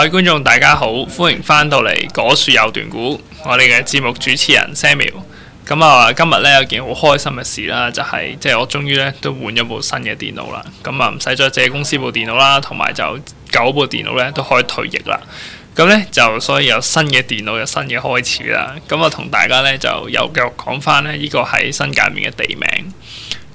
各位觀眾大家好，歡迎翻到嚟《果樹有段股》，我哋嘅節目主持人 Samuel，咁啊今日咧有件好開心嘅事啦，就係即係我終於咧都換咗部新嘅電腦啦，咁啊唔使再借公司部電腦啦，同埋就舊部電腦咧都可以退役啦，咁咧就所以有新嘅電腦有新嘅開始啦，咁啊同大家咧就又繼續講翻咧呢個喺新界面嘅地名。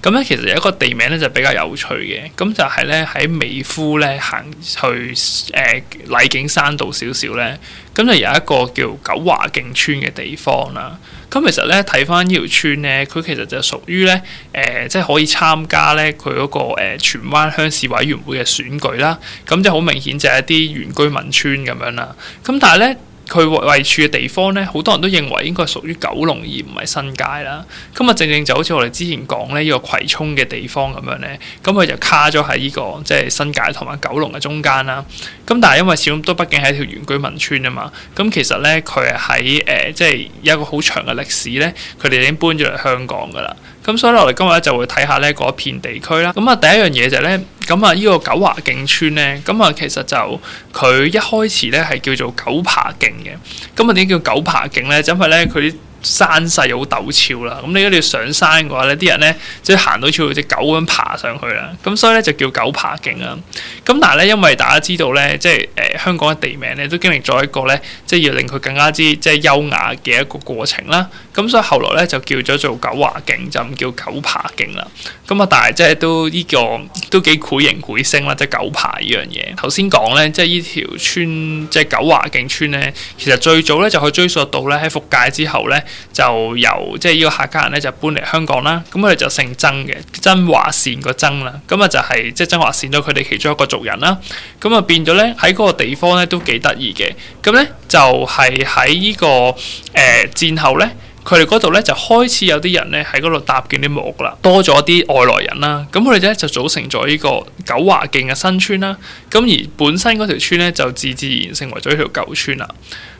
咁咧，其實有一個地名咧就比較有趣嘅，咁就係咧喺美孚咧行去誒、呃、禮景山道少少咧，咁就有一個叫九華徑村嘅地方啦。咁其實咧睇翻呢條村咧，佢其實就屬於咧誒，即、呃、係、就是、可以參加咧佢嗰個荃灣鄉事委員會嘅選舉啦。咁就好明顯就係一啲原居民村咁樣啦。咁但係咧，佢位處嘅地方咧，好多人都認為應該屬於九龍而唔係新界啦。咁咪正正就好似我哋之前講咧，呢個葵涌嘅地方咁樣咧，咁佢就卡咗喺呢個即係、就是、新界同埋九龍嘅中間啦。咁但係因為小欖都畢竟係條原居民村啊嘛，咁其實咧佢喺誒即係有一個好長嘅歷史咧，佢哋已經搬咗嚟香港㗎啦。咁所以我哋今日咧就會睇下咧嗰一片地區啦。咁啊，第一樣嘢就咧、係，咁啊，呢個九華徑村咧，咁啊，其實就佢一開始咧係叫做九爬徑嘅。咁啊，點叫九爬徑咧？就係、因為咧，佢啲山勢好陡峭啦。咁如果你要上山嘅話咧，啲人咧即係行到似隻狗咁爬，爬上去啦。咁所以咧就叫九爬徑啊。咁但係咧，因為大家知道咧，即係誒、呃、香港嘅地名咧都經歷咗一個咧，即係要令佢更加之即係優雅嘅一個過程啦。咁所以後來咧就叫咗做九華徑，就唔叫九爬徑啦。咁啊，但係即係都呢、這個都幾繪影繪聲啦，即係九爬呢樣嘢。頭先講咧，即係呢條村，即係九華徑村咧。其實最早咧就去追溯到咧喺復界之後咧，就由即係呢個客家人咧就搬嚟香港啦。咁佢哋就姓曾嘅，華曾華、就是、善個曾啦。咁啊就係即係曾華善咗佢哋其中一個族人啦。咁啊變咗咧喺嗰個地方咧都幾得意嘅。咁咧就係喺呢個誒、呃、戰後咧。佢哋嗰度咧就開始有啲人咧喺嗰度搭建啲木屋啦，多咗啲外來人啦，咁佢哋咧就組成咗呢個九華徑嘅新村啦。咁而本身嗰條村咧就自自然成為咗一條舊村啦。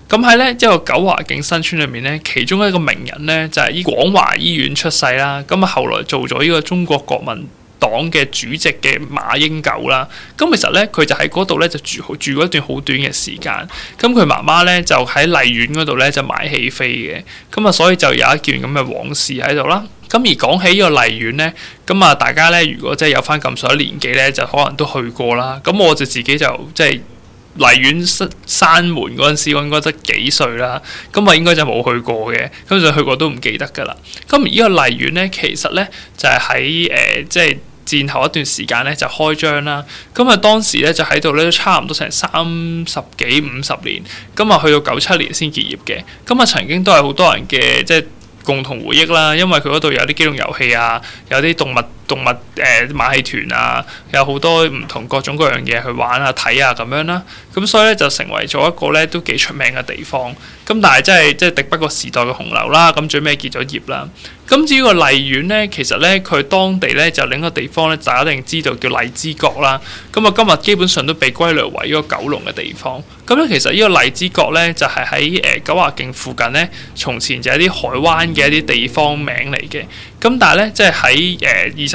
咁喺咧一個九華徑新村裏面咧，其中一個名人咧就係依廣華醫院出世啦。咁啊後來做咗呢個中國國民黨嘅主席嘅馬英九啦，咁其實咧佢就喺嗰度咧就住住過一段好短嘅時間，咁佢媽媽咧就喺麗園嗰度咧就買戲飛嘅，咁啊所以就有一件咁嘅往事喺度啦。咁而講起呢個麗園咧，咁啊大家咧如果即係有返咁上下年紀咧，就可能都去過啦。咁我就自己就即係。荔園閂閂門嗰陣時，我應該得幾歲啦。咁啊應該就冇去過嘅，咁就去過都唔記得噶啦。咁而依個荔園咧，其實咧就係喺誒即係戰後一段時間咧就開張啦。咁啊當時咧就喺度咧都差唔多成三十幾五十年，咁啊去到九七年先結業嘅。咁啊曾經都係好多人嘅即係共同回憶啦，因為佢嗰度有啲機動遊戲啊，有啲動物。動物誒，呃、馬戲團啊，有好多唔同各種各樣嘢去玩啊，睇啊咁樣啦，啊，咁所以咧就成為咗一個咧都幾出名嘅地方。咁但係真係即係敵不過時代嘅洪流啦，咁最尾結咗業啦。咁至於個荔園咧，其實咧佢當地咧就另一個地方咧，大家一定知道叫荔枝角啦。咁啊，今日基本上都被歸類為一個九龍嘅地方。咁咧其實呢個荔枝角咧就係喺誒九華徑附近咧，從前就係啲海灣嘅一啲地方名嚟嘅。咁但係咧即係喺誒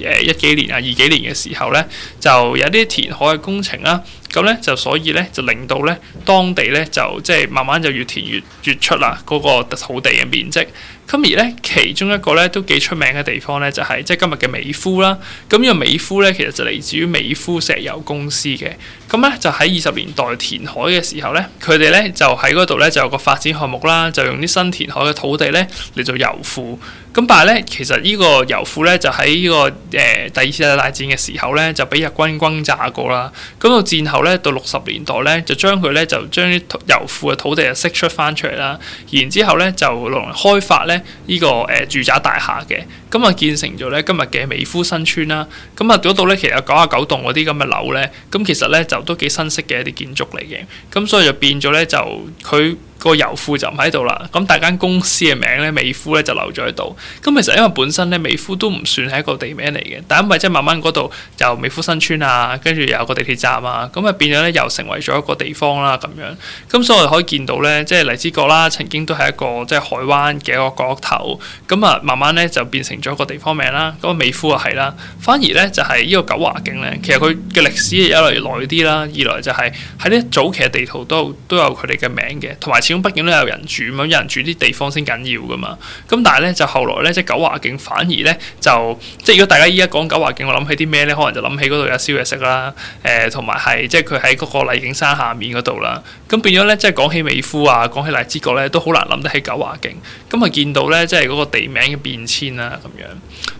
誒一幾年啊二幾年嘅時候咧，就有啲填海嘅工程啦，咁咧就所以咧就令到咧當地咧就即係、就是、慢慢就越填越越出啦嗰個土地嘅面積。咁而咧其中一個咧都幾出名嘅地方咧就係即係今日嘅美孚啦。咁呢個美孚咧其實就嚟自於美孚石油公司嘅。咁咧就喺二十年代填海嘅時候咧，佢哋咧就喺嗰度咧就有個發展項目啦，就用啲新填海嘅土地咧嚟做油庫。咁但係咧其實呢個油庫咧就喺呢、這個。誒、呃、第二次世界大戰嘅時候咧，就俾日軍轟炸過啦。咁到戰後咧，到六十年代咧，就將佢咧就將啲油庫嘅土地啊釋出翻出嚟啦。然之後咧就落嚟開發咧呢、這個誒、呃、住宅大廈嘅。咁啊建成咗咧今日嘅美孚新村啦。咁啊嗰度咧其實有九啊九棟嗰啲咁嘅樓咧，咁其實咧就都幾新式嘅一啲建築嚟嘅。咁所以就變咗咧就佢。個油庫就唔喺度啦，咁大係間公司嘅名咧美孚咧就留咗喺度。咁其實因為本身咧美孚都唔算係一個地名嚟嘅，但因為即係慢慢嗰度由美孚新村啊，跟住又有個地鐵站啊，咁啊變咗咧又成為咗一個地方啦、啊、咁樣。咁所以我哋可以見到咧，即係荔枝角啦，曾經都係一個即係、就是、海灣嘅一個角頭，咁啊慢慢咧就變成咗一個地方名啦。咁美孚啊係啦，反而咧就係呢個九華徑咧，其實佢嘅歷史一來越耐啲啦，二來就係喺啲早期嘅地圖都有都有佢哋嘅名嘅，同埋前咁畢竟都有人住，咁有人住啲地方先緊要噶嘛。咁但係咧，就後來咧、就是，即九華徑反而咧就即如果大家依家講九華徑，我諗起啲咩咧，可能就諗起嗰度有宵夜食啦，誒同埋係即佢喺嗰個麗景山下面嗰度啦。咁變咗咧，即講起美孚啊，講起荔枝角咧，都好難諗得起九華徑。咁啊，見到咧，即嗰個地名嘅變遷啦，咁樣。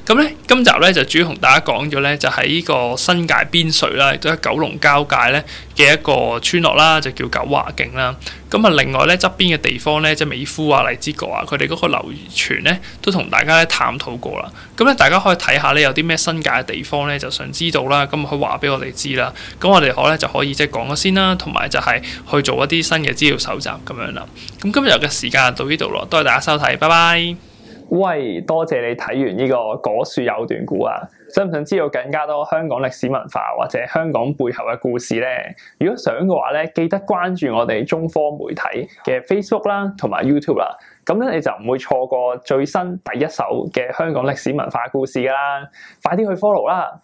咁咧，今集咧就主要同大家講咗咧，就喺、是、呢個新界邊陲啦，亦都喺九龍交界咧嘅一個村落啦，就叫九華徑啦。咁啊，另外咧側邊嘅地方咧，即係美孚啊、荔枝角啊，佢哋嗰個流傳咧，都同大家咧探討過啦。咁咧，大家可以睇下咧，有啲咩新界嘅地方咧，就想知道啦。咁啊，可以話俾我哋知啦。咁我哋可咧就可以即係講咗先啦，同埋就係去做一啲新嘅資料搜集咁樣啦。咁今日嘅時間就到呢度咯，多謝大家收睇，拜拜。喂，多謝你睇完呢個果樹有段故啊！想唔想知道更加多香港歷史文化或者香港背後嘅故事咧？如果想嘅話咧，記得關注我哋中科媒體嘅 Facebook 啦，同埋 YouTube 啦。咁咧你就唔會錯過最新第一手嘅香港歷史文化故事噶啦。快啲去 follow 啦！